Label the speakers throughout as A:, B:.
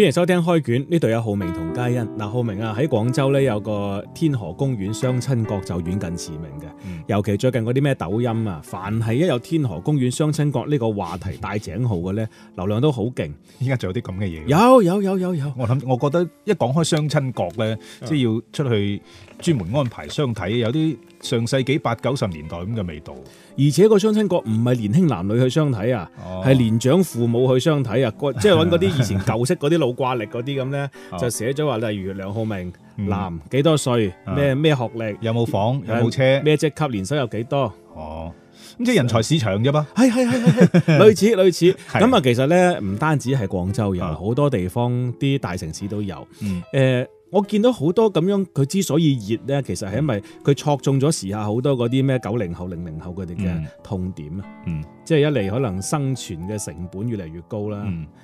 A: 歡迎收聽開卷，呢度有浩明同嘉欣。嗱，浩明啊，喺廣州呢有個天河公園相親角就遠近馳名嘅，嗯、尤其最近嗰啲咩抖音啊，凡係一有天河公園相親角呢個話題大井號嘅呢，流量都好勁。
B: 依家仲有啲咁嘅嘢？有有有有有。有有我諗我覺得一講開相親角呢，即係、嗯、要出去專門安排相睇，有啲上世紀八九十年代咁嘅味道。
A: 而且個相親角唔係年輕男女去相睇啊，係年、哦、長父母去相睇啊，即係搵嗰啲以前舊式嗰啲老。掛力嗰啲咁咧，就寫咗話，例如梁浩明、嗯、男幾多歲，咩咩學歷，有冇、啊、房，有冇車，咩職級，年收有幾多。哦，咁即係人才市場啫嘛，係係係係係，類似類似。咁 是啊，其實咧唔單止係廣州人，好多地方啲大城市都有。嗯，誒、呃。我見到好多咁樣，佢之所以熱咧，其實係因為佢戳中咗時下好多嗰啲咩九零後、零零後佢哋嘅痛點啊！嗯嗯、即係一嚟可能生存嘅成本越嚟越高啦，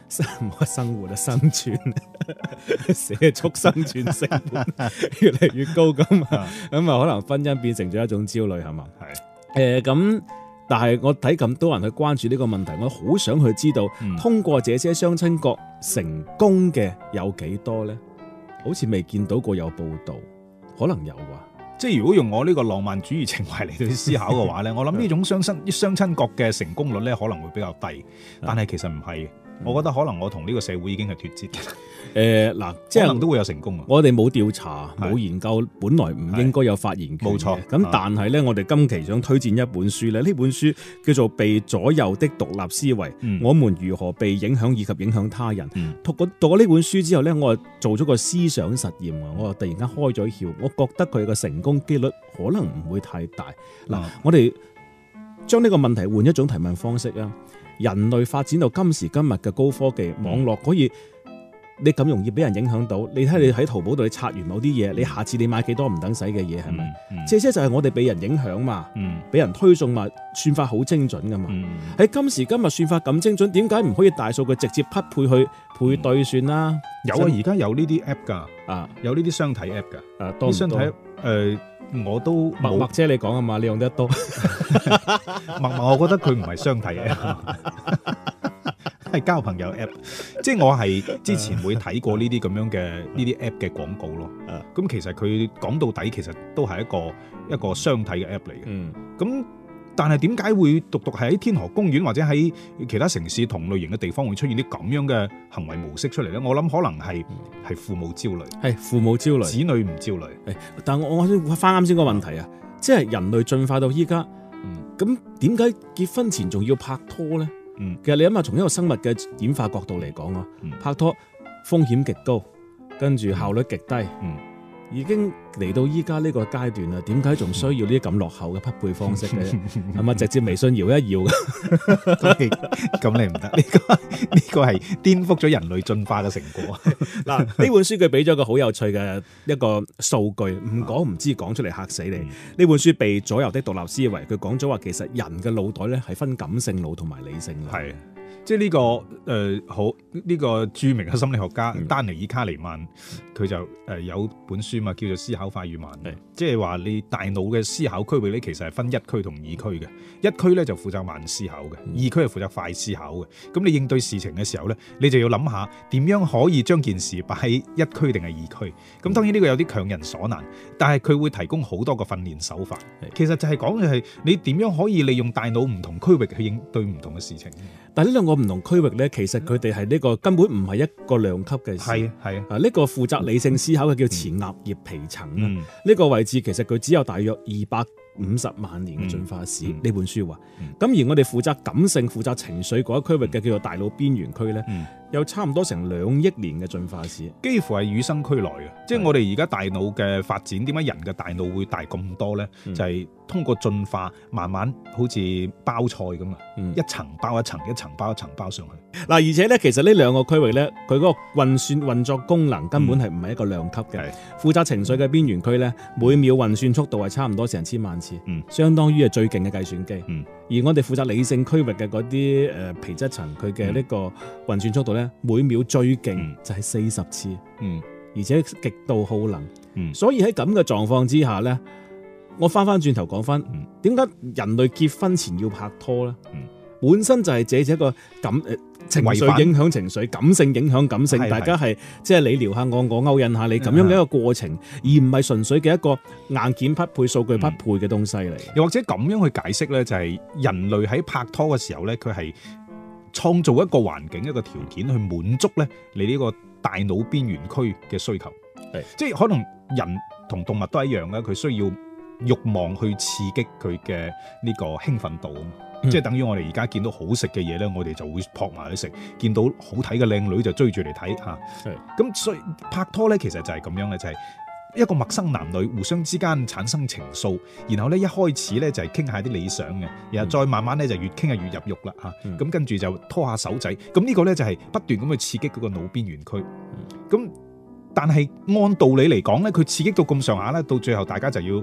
A: 生、嗯、生活啊，生存 社畜生存成本越嚟越高咁啊，咁啊、嗯， 可能婚姻變成咗一種焦慮，係嘛？係誒咁，但係我睇咁多人去關注呢個問題，我好想去知道，嗯、通過這些相親角成功嘅有幾多咧？好似未見到過有報
B: 道，可能有啊！即係如果用我呢個浪漫主義情懷嚟到思考嘅話咧， 我諗呢種相親、啲相親角嘅成功率咧可能會比較低， 但係其實唔係。我覺得可能我同呢個社會已經係脫節嘅。誒，嗱，即係都會有成功。我哋冇調查，
A: 冇研究，是本來唔應該有發言冇錯。咁錯但係呢，嗯、我哋今期想推薦一本書咧，呢本書叫做《被左右的獨立思維》，嗯、我們如何被影響以及影響他人。嗯、讀過讀過呢本書之後呢，我做咗個思想實驗啊，我突然間開咗竅，我覺得佢嘅成功幾率可能唔會太大。嗱，嗯、我哋將呢個問題換一種提問方式啊。人類發展到今時今日嘅高科技網絡可以。你咁容易俾人影響到。你睇下你喺淘寶度你刷完某啲嘢，你下次你買幾多唔等使嘅嘢係咪？即係、嗯嗯、就係我哋俾人影響嘛，俾、嗯、人推送嘛，算法好精準噶嘛。喺、嗯、今時今日算法咁精準，點解唔可以大數據直接匹
B: 配去配對算啦？有啊，而家的有呢啲 app 㗎，啊，有呢啲相睇 app 㗎，啊，相睇誒我都陌陌姐你講啊嘛，你用得多，陌陌我覺得佢唔係相睇 app。 係交朋友 app， 即係我係之前會睇過呢啲咁樣嘅呢啲 app 嘅廣告咯。咁 其實佢講到底，其實都係一個一個相睇嘅 app 嚟嘅。咁、嗯、但係點解會獨獨喺天河公園或者喺其他城市同類型嘅地方會出現啲咁樣嘅行為模式出嚟咧？我諗可能係係、嗯、父母焦慮，係父母焦慮，子女唔
A: 焦慮。但我我先翻啱先個問題啊，即、就、係、是、人類進化到依家，咁點解結婚前仲要拍拖咧？嗯、其實你諗下，從一個生物嘅演化角度嚟講啊，嗯、拍拖風險極高，跟住效率極低。嗯已經嚟到依家呢個階段啦，點解仲需要呢啲咁落後嘅匹配方式嘅？係咪 直接微信搖一搖？咁 你唔得，呢、 這個呢、這個係顛覆咗人類進化嘅成果。嗱，呢本書佢俾咗個好有趣嘅一個數據，唔講唔知，講出嚟嚇死你。呢、嗯、本書被左右的獨立思維，佢講咗話，其實
B: 人嘅腦袋咧係分感性腦同埋理性腦。係。即係呢個誒、呃、好呢、這個著名嘅心理學家丹尼爾卡尼曼，佢、嗯、就誒、呃、有本書嘛，叫做《思考快與慢》。即係話你大腦嘅思考區域咧，其實係分一區同二區嘅。一區咧就負責慢思考嘅，二區係負責快思考嘅。咁、嗯、你應對事情嘅時候咧，你就要諗下點樣可以將件事擺喺一區定係二區。咁當然呢個有啲強人所難，但係佢會提供好多個訓練手法。是的 其實就係講嘅係你點樣可以利用大腦唔同區域去應對唔同嘅事情。但呢兩個。唔同區域咧，其實佢哋係呢
A: 個根本唔係一個量級嘅事。係啊，係啊。啊，呢個負責理性思考嘅叫前額葉皮層啦。呢、嗯、個位置其實佢只有大約二百五十萬年嘅進化史。呢、嗯、本書話，咁、嗯、而我哋負責感性、負責情緒嗰一區域嘅叫做大腦邊緣區咧。嗯
B: 有差唔多成兩億年嘅進化史，幾乎係與生俱來嘅。是即係我哋而家大腦嘅發展，點解人嘅大腦會大咁多咧？嗯、就係通過進化，慢慢好似包菜咁啊、嗯，一層包一層一層包一層包上去。
A: 嗱，而且咧，其實這呢兩個區域咧，佢個運算運作功能根本係唔係一個量級嘅。負是責情緒嘅邊緣區咧，每秒運算速度係差唔多成千萬次，嗯、相當於係最勁嘅計算機、嗯、而我哋負責理性區域嘅嗰啲誒皮質層，佢嘅呢個運算速度咧。每秒最勁就係四十次，嗯，而且極度耗能，嗯，所以喺咁嘅狀況之下咧，我翻翻轉頭講翻，點解人類結婚前要拍拖咧？
B: 嗯，
A: 本身就係借住一個感誒情緒影響情緒，感性影響感性，大家係即係你撩下我，我勾引下你，咁樣嘅一個過程，而唔
B: 係純粹嘅一個硬件匹配、數據匹配嘅東西嚟。又或者咁樣去解釋咧，就係人類喺拍拖嘅時候咧，佢係，創造一個環境，一個條件去滿足咧你呢個大腦邊緣區嘅需求，的即係可能人同動物都係一樣啦，佢需要慾望去刺激佢嘅呢個興奮度啊嘛，嗯、即係等於我哋而家見到好食嘅嘢咧，我哋就會撲埋去食；見到好睇嘅靚女就追住嚟睇吓。咁的所以拍拖咧，其實就係咁樣嘅。就係、是。一個陌生男女互相之間產生情愫，然後咧一開始咧就係傾下啲理想嘅，然後再慢慢咧就越傾啊越入肉啦吓，咁跟住就拖下手仔，咁、這、呢個咧就係不斷咁去刺激嗰個腦邊緣區，咁但係按道理嚟講咧，佢刺激到咁上下咧，到最後大家就要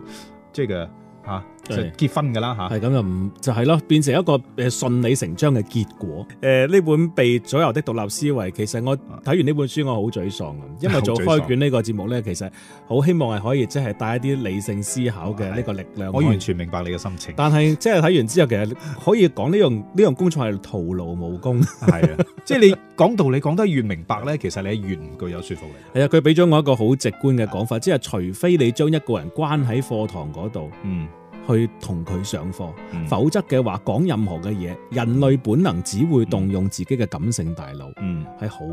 B: 即係、這個、啊。就結婚噶啦吓，係咁又唔
A: 就係咯，變成一個誒順理成章嘅結果。誒呢本被左右的獨立思維，其實我睇完呢本書我好沮喪，因為做開卷呢個節目咧，其實好希望係可以即係帶一啲理性思考嘅呢個力量。我完全
B: 明白你嘅心情。
A: 但係即係睇完之後，其實可以講呢樣呢樣工作係徒勞無功。係啊，即係你講道理講得越明白咧，其實你越唔具有說服力。係啊，佢俾咗我一個好直觀嘅講法，即係除非你將一個人關喺課堂嗰度，嗯。去同佢上課，否則嘅話講任何嘅嘢，人類本能只會動用自己嘅感性大腦，係好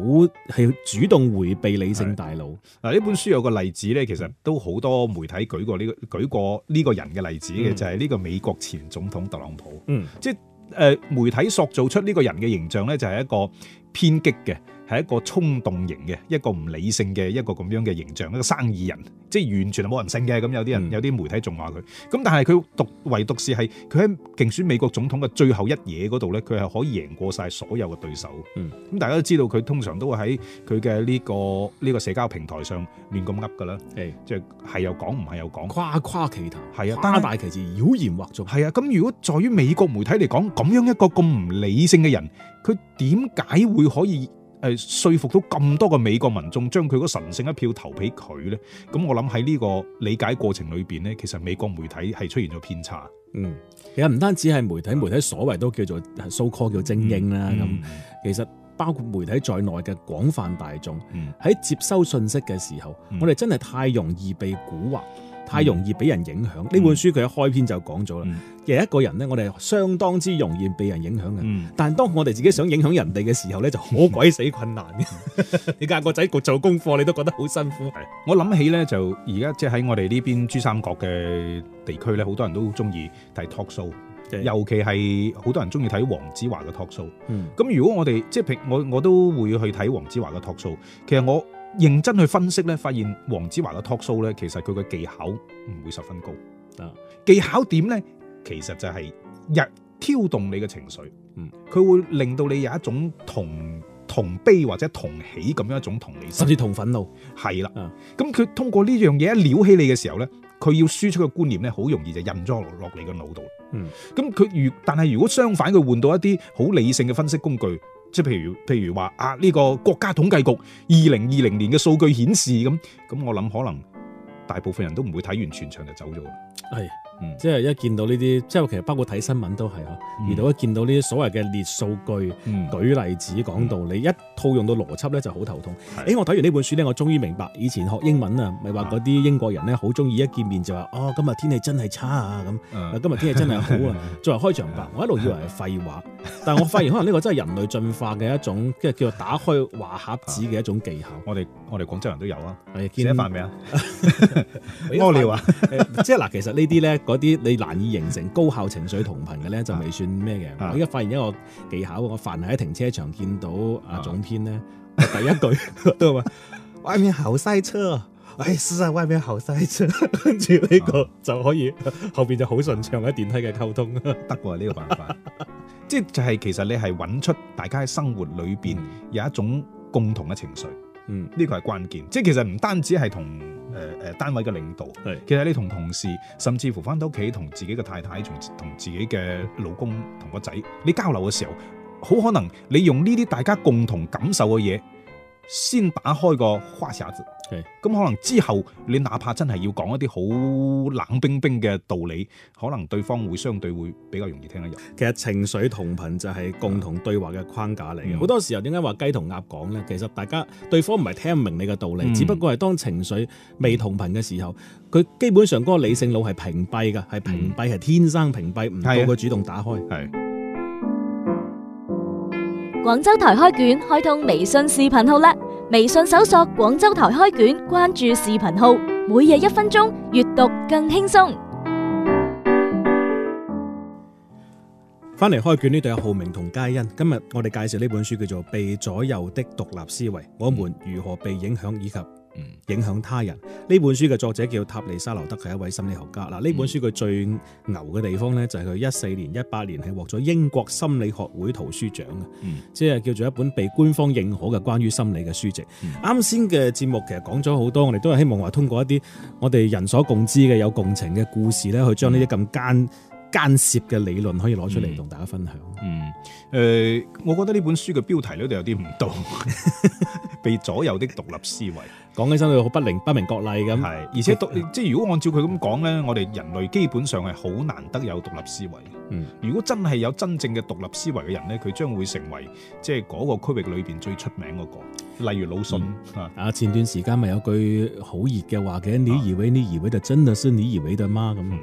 A: 係主動迴避理性大腦。
B: 嗱呢本書有個例子咧，其實都好多媒體舉過呢個舉過呢個人嘅例子嘅，嗯、就係呢個美國前總統特朗普。嗯，即係誒媒體塑造出呢個人嘅形象咧，就係一個偏激嘅。係一個衝動型嘅一個唔理性嘅一個咁樣嘅形象，一個生意人，即係完全係冇人性嘅。咁有啲人、嗯、有啲媒體仲話佢咁，但係佢獨唯獨是係佢喺競選美國總統嘅最後一嘢嗰度咧，佢係可以贏過晒所有嘅對手。嗯，咁大家都知道佢通常都會喺佢嘅呢個呢個社交平台上亂咁噏㗎啦，即係係又講唔係又講誇誇其談係啊，誇大其詞，妖言惑眾係啊。咁如果在於美國媒體嚟講，咁樣一個咁唔理性嘅人，佢點解會可以？誒說服到咁多個美國民眾將佢個神聖一票投俾佢咧，咁我諗喺呢個理解過程裏面咧，其實美國媒體係出現咗偏差。嗯，其實唔單止係
A: 媒體，媒體所謂都叫做數 l 叫精英啦。咁、嗯嗯、其實包括媒體在內嘅廣泛大眾喺、嗯、接收信息嘅時候，嗯、我哋真係太容易被誘惑。太容易俾人影響。呢、嗯、本書佢一開篇就講咗啦，其實、嗯、一個人咧，我哋相當之容易俾人影響嘅。嗯、但係當我哋自己想影響人哋嘅時候咧，就好鬼死困難嘅。嗯、 你嗌個仔局做功課，你都覺得好辛苦。
B: 我諗起咧，就而家即係喺我哋呢邊珠三角嘅地區咧，好多人都中意睇 talk show，是的尤其係好多人中意睇黃子華嘅 talk show、嗯。咁如果我哋即係平，就是、我我都會去睇黃子華嘅 talk show。其實我。認真去分析咧，發現黃子華嘅 talk show 咧，其實佢嘅技巧唔會十分高啊。嗯、技巧點咧，其實就係日挑動你嘅情緒，嗯，佢會令到你有一種同同悲或者同喜咁樣一種同理心，甚至同憤怒。係啦，咁佢通過呢樣嘢撩起你嘅時候咧，佢要輸出嘅觀念咧，好容易就印咗落落你嘅腦度。嗯，咁佢如但係如果相反，佢換到一啲好理性嘅分析工具。即係譬如譬如話啊，呢個國家統計局二零二零年嘅數據顯示咁，咁我諗可能大部分人都唔會睇完全場就走咗啦。係。即係一見到呢啲，即係其實包括睇新聞都
A: 係啊。遇到一見到呢啲所謂嘅列數據，舉例子講到你一套用到邏輯咧就好頭痛。誒，我睇完呢本書咧，我終於明白以前學英文啊，咪話嗰啲英國人咧好鍾意一見面就話，哦，今日天氣真係差啊咁，今日天氣真係好啊。作為開場白，我一路以為係廢話，但我發現可能呢個真係人類進化嘅一種，即係叫做打開話匣子嘅一種技巧。我哋我哋廣州人都有啊。寫飯未啊？屙尿啊？即係嗱，其實呢啲咧。嗰啲你難以形成高效情緒同頻嘅咧，就未算咩嘅。啊、我而家發現一個技巧，我凡係喺停車場見到阿總編咧，啊、第一句都話：啊、 吧外面好塞車。哎，是下、啊、外面好塞
B: 車。跟住呢個就可以後邊就好順暢喺電梯嘅溝通。得㗎、啊，呢個辦法。即係就係其實你係揾出大家喺生活裏邊有一種共同嘅情緒。嗯，呢個係關鍵。即、就、係、是、其實唔單止係同。誒誒、呃呃、單位嘅領導，是其實你同同事，甚至乎返到屋企同自己嘅太太，同同自己嘅老公同個仔，你交流嘅時候，好可能你用呢啲大家共同感受嘅嘢。先打開個話匣子，咁可能之後你哪怕真係要講一啲好冷冰冰嘅道理，可能對方會相對會比較容易聽得入。其實情緒同頻就係共同對話嘅框架嚟嘅。好、嗯、多時候點解話雞同鴨講
A: 咧？其實大家對方唔係聽唔明你嘅道理，嗯、只不過係當情緒未同頻嘅時候，佢基本上嗰個理性腦係屏蔽嘅，係屏蔽係、嗯、天生屏蔽，唔到佢主動打開。
B: 是啊廣州台開卷開通微信視頻號啦！微信搜索廣州台開卷，關注視頻號，每日一分鐘，閱讀更輕鬆。
A: 翻嚟開卷呢度有浩明同佳欣，今日我哋介紹呢本書叫做《被左右的獨立思維》，我們如何被影響以及。影響他人，呢本書嘅作者叫塔利沙羅特，係一位心理學家嗱。呢本書佢最牛嘅地方呢，就係佢一四年、一八年係獲咗英國心理學會圖書獎嘅，嗯、即係叫做一本被官方認可嘅關於心理嘅書籍。啱先嘅節目其實講咗好多，我哋都係希望話通過一啲我哋人所共知嘅有共情嘅故事呢，去將呢啲咁艱艱澀嘅理論可以攞出嚟同大家分享。
B: 嗯，誒、嗯呃，我覺得呢本書嘅標題咧就有啲唔到。 被左右的獨立思維，講起身佢好不靈不明國例不明覺厲咁，係，而且即係 如果按照佢咁講咧，我哋人類基本上係好難得有獨立思維。嗯，如果真係有真正嘅獨立思維嘅人咧，佢將會成為即係嗰個區域裏邊最出名嗰個。例如魯迅、
A: 嗯、啊，前段時間咪有句好熱嘅話嘅，你以為、啊、你以為就真的是你以為的嗎？咁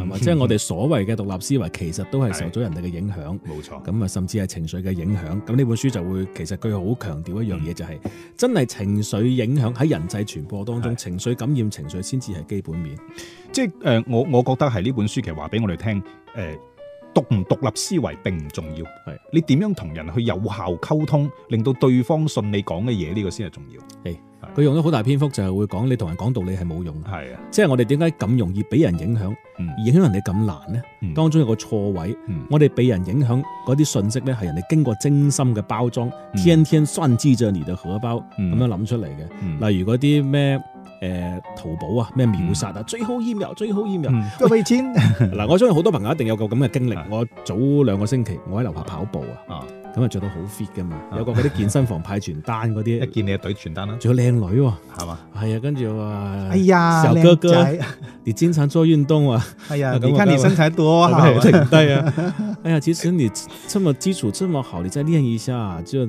A: 係嘛？即係我哋所謂嘅獨立思維，其實都係受咗人哋嘅影響。冇、嗯、錯。咁啊，甚至係情緒嘅影響。咁呢本書就會其實佢好強調一樣嘢、就是，就係、嗯、真係情緒影響喺人際傳播當中，嗯、情緒感染情緒先至係基
B: 本面。即係誒、呃，我我覺得係呢本書其實話俾我哋聽誒。呃獨唔獨立思維並唔重要，係你點樣同人去有效溝通，令到對方信你講嘅嘢，呢個先係重要。係佢用咗好大篇幅就係會講你同人講道理係冇用的，係啊，即
A: 係我哋點解咁容易俾人影響，嗯，影響人哋咁難呢？嗯，當中有個錯位，我哋俾人影響嗰啲信息呢，係人哋經過精心嘅包裝，天天雙脂醬著你嘅荷包，咁樣諗出嚟嘅，例如嗰啲咩。誒、欸、淘寶啊，咩秒殺啊，嗯、
B: 最好一秒，最好一秒，都俾錢。
A: 嗱、嗯，喂我相信好多朋友一定有個咁嘅經歷。是的 我早兩個星期，我喺樓下跑步啊。咁啊，着到好 fit 噶嘛！有個嗰啲健身房派傳單嗰啲， 一見你就隊傳單啦。仲有靚女喎、啊，係嘛吧？係啊，跟住話，哎呀，小哥哥，哎、呀你經常做運動啊？哎呀啊，你看你身材多好，對啊。 哎呀，其實你這麼基礎這麼好，你再練一下，就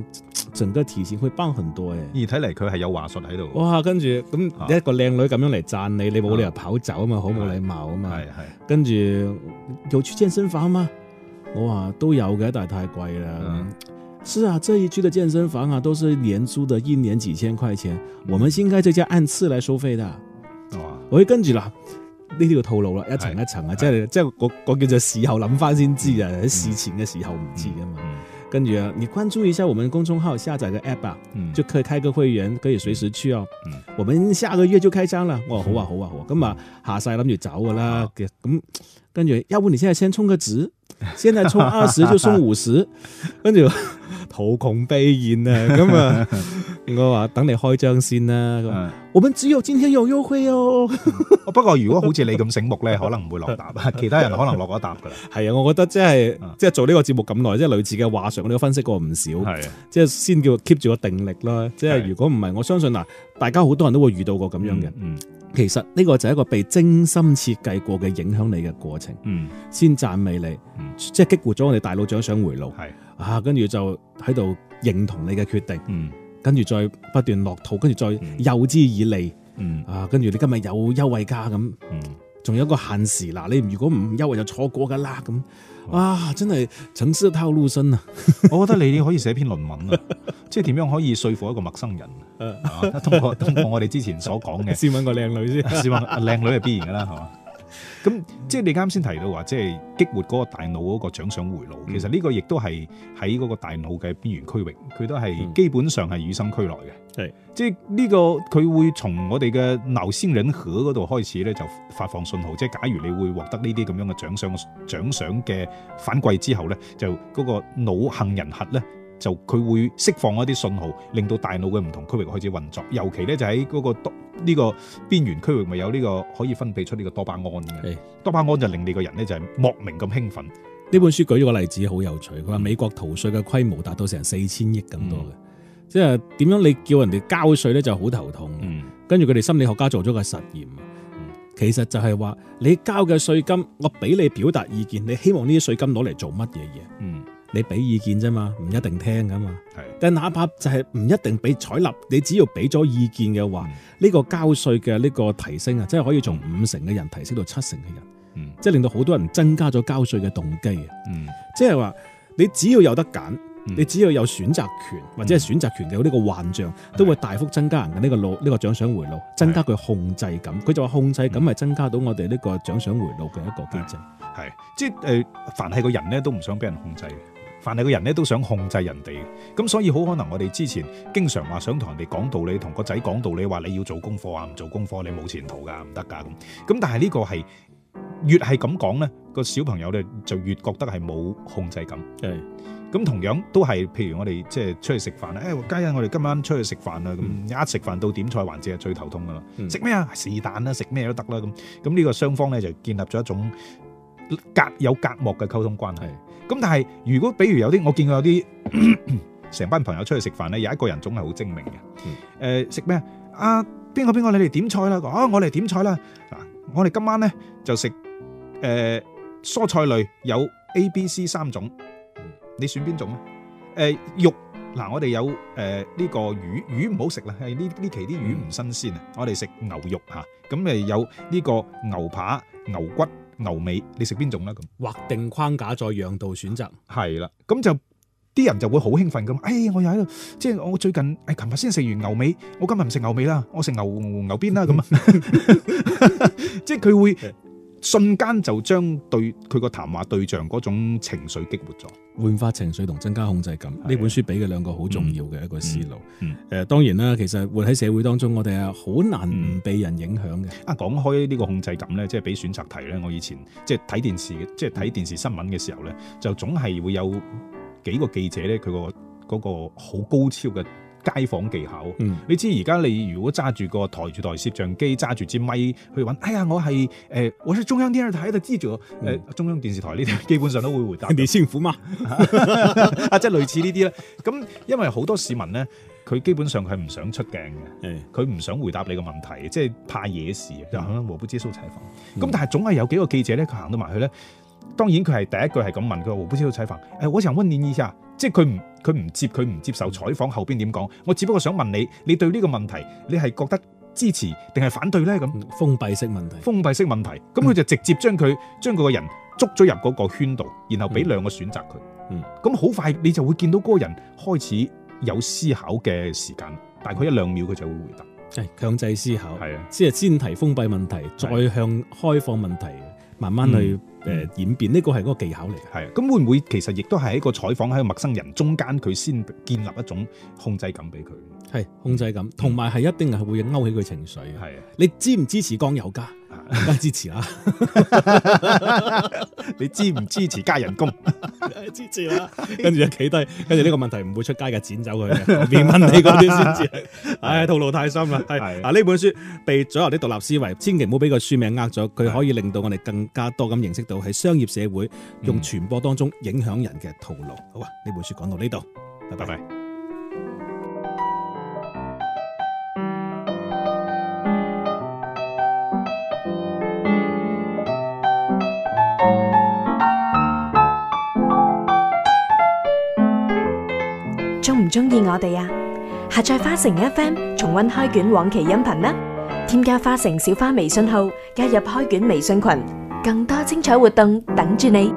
A: 整個體型會棒
B: 很多嘅、啊。而睇嚟佢係有話術喺度。
A: 哇！跟住咁一個靚女咁樣嚟讚你，你冇理由跑走啊嘛，好冇禮貌啊嘛。係係。的跟住又去健身房嘛。哇，都有嘅，但係太貴啦。是啊，這一區的健身房啊，都是年租的，一年幾千塊錢。我們新開這家按次來收費的。哦，我跟住嗱，呢啲嘅套路啦，一層一層啊，即係即係，個個叫做事後諗翻先知啊，事前嘅時候唔知嘅嘛。跟住你關注一下我們公眾號，下載個 app，啊，就可以開個會員，可以隨時去哦。我們下個月就開張啦。哇，好啊，好啊，好啊，咁啊，下世諗住走噶啦咁。跟住，要不你現在先充個值，現在充二十就送五十。跟住， 圖窮匕現啦，咁啊，說
B: 我話等你開張先啦、啊。 我
A: 們只有今天有優惠哦、嗯。
B: 不過如果好似你咁醒目咧，可能唔會落沓 其他人可能落咗沓噶。係啊，我覺得即係即係做呢個節目咁耐，即、就、係、是、類似嘅話術我哋都分析過唔少。係即係先叫 keep 住個定力
A: 啦。即、就、係、是、如果唔係，是的 我相信嗱，大家好多人都會遇到過咁樣嘅、嗯。嗯。其實呢、這個就係一個被精心設計過嘅影響你嘅過程，嗯、先讚美你，嗯、即係激活咗我哋大腦獎賞回路，係是啊，跟住就喺度認同你嘅決定，嗯、跟住再不斷落套，跟住再誘之以利，嗯、啊，跟住你今日有優惠價咁。仲有一個限時，嗱，你如果唔優惠就錯過噶啦，咁，啊，真係
B: 城市套路深啊！我覺得你可以寫篇論文啊， 即係點樣可以說服一個陌生人啊？通過通過我哋之前所講嘅，先 問個靚女先，先問靚女係必然噶啦，係嘛？ 咁即係你啱先提到話，即係激活嗰個大腦嗰個獎賞回路，其實呢個亦都係喺嗰個大腦嘅邊緣區域，佢都係基本上係與生俱來嘅。係、嗯，即係、這、呢個佢會從我哋嘅腦仙人核嗰度開始咧，就發放信號。即係假如你會獲得呢啲咁樣嘅獎賞，獎賞嘅反饋之後咧，就嗰個腦杏仁核咧。就佢會釋放一啲信號，令到大腦嘅唔同區域開始運作。尤其咧就喺嗰、那個呢、這個邊緣區域、這個，咪有呢個可以分泌出呢個多巴胺嘅。多巴胺就令你個人咧就係莫名咁興奮。呢、嗯、本書舉咗個例子好有趣，佢話美國逃稅嘅規模達到成四千億咁多嘅，嗯、即係點
A: 樣你叫人哋交稅咧就好頭痛。跟住佢哋心理學家做咗個實驗，嗯、其實就係話你交嘅稅金，我俾你表達意見，你希望呢啲稅金攞嚟做乜嘢嘢？嗯你俾意見啫嘛，唔一定聽噶嘛。係，但哪怕就係唔一定俾採納，你只要俾咗意見嘅話，呢個交稅嘅呢個提升啊，真係可以從五成嘅人提升到七成嘅人。嗯，即係令到好多人增加咗交稅嘅動機。嗯，即係話你只要有得揀，你只要有選擇權或者係選擇權嘅呢個幻象，都會大幅增加人嘅呢個腦呢個獎賞回路，增加佢控制感。佢就話控制感係
B: 增加到我哋呢個獎賞回路嘅一個機制。係，即係誒，凡係個人咧都唔想俾人控制。凡係個人咧都想控制人哋，咁所以好可能我哋之前經常話想同人哋講道理，同個仔講道理，話你要做功課啊，唔做功課你冇前途噶，唔得噶咁。咁但係呢個係越係咁講咧，個小朋友咧就越覺得係冇控制感。係，咁同樣都係，譬如我哋即係出去食飯啊，誒，家欣我哋今晚出去食飯啦，咁一食飯到點菜環節係最頭痛噶啦，食咩啊？是但啦，食咩都得啦咁。咁呢個雙方咧就建立咗一種隔有隔膜嘅溝通關係。咁但係如果比如有啲我見過有啲成班朋友出去食飯咧，有一個人總係好精明嘅。誒食咩啊？啊邊個邊個你嚟點菜啦？啊我嚟點菜啦！嗱，我哋今晚咧就食誒蔬菜類有 A、B、C 三種，你選邊種咧？誒肉嗱我哋有誒呢個魚，魚唔好食啦，係呢呢期啲魚唔新鮮啊！我哋食牛肉嚇，咁誒有呢個牛扒、牛骨。牛尾，你食邊種咧？咁劃定框架再讓道選擇，係啦，咁就啲人就會好興奮咁。哎，我又喺度，即係我最近，哎，琴日先食完牛尾，我今日唔食牛尾啦，我食牛牛鞭啦，咁啊， 即係佢會。瞬間就將對佢個談話對象嗰種情緒激活咗、嗯，煥發情緒同增加控制感，呢本書俾嘅兩個好重要
A: 嘅一個思路。誒、嗯，嗯
B: 嗯嗯、當然啦，嗯、其實活喺社會當中，我哋啊好難唔被人影響嘅。啊、嗯，講開呢個控制感咧，即係俾選擇題咧。我以前即係睇電視嘅，即係睇電視新聞嘅時候咧，就總係會有幾個記者咧，佢個嗰個好高超嘅街訪技巧，嗯、你知而家你如果揸住個台住台攝像機，揸住支咪去揾，哎呀，我係誒、呃，我喺中央電視台度知住，我、嗯呃、中央電視台呢啲基本上都會回答你幸福嗎？啊，即係 類似呢啲咧。咁因為好多市民咧，佢基本上佢唔想出鏡嘅，佢唔、嗯、想回答你個問題，即、就、係、是、怕惹事。嗯、就可能我不知蘇採訪，咁、嗯、但係總係有幾個記者咧，佢行到埋去咧，當然佢係第一句係咁問佢我不知蘇採訪，誒、欸，我想問您一下，即係佢唔。佢唔接，佢唔接受採訪，後邊點講？我只不過想問你，你對呢個問題，你係覺得支持定係反對呢？咁封閉式問題，封閉式問題，咁佢、嗯、就直接將佢將嗰個人捉咗入嗰個圈度，然後俾兩個選擇佢。嗯，咁好、嗯、快你就會見到嗰個人開始有思考嘅時間，大概一兩秒佢就會回答。係、嗯、強制思考，係啊的，先係先提封閉問題，再向開放問題。慢慢去誒演變，呢個係嗰個技巧嚟嘅，咁會唔會其實亦都係喺個採訪，喺個陌生人中間，佢先建立一種控制感俾佢，係控制感，同埋係一定係會勾起佢情緒。啊的，你支唔支持江有家？
A: 支持啊。 你支唔支持加人工？ 支持啦，跟住就企低，跟住呢個問題唔會出街嘅，剪走佢。嘅，唔你嗰啲先至係，唉，套路太深啦。係啊，呢本書被左右啲獨立思維，千祈唔好俾個書名呃咗，佢可以令到我哋更加多咁認識到喺商業社會用傳播當中影響人嘅套路。嗯、好啊，呢本書講到呢度，拜拜。
B: 鍾唔鍾意我哋呀？下載花城 FM 重溫開卷往期音頻啦！添加花城小花微信號，加入開卷微信群，更多精彩活動等住你。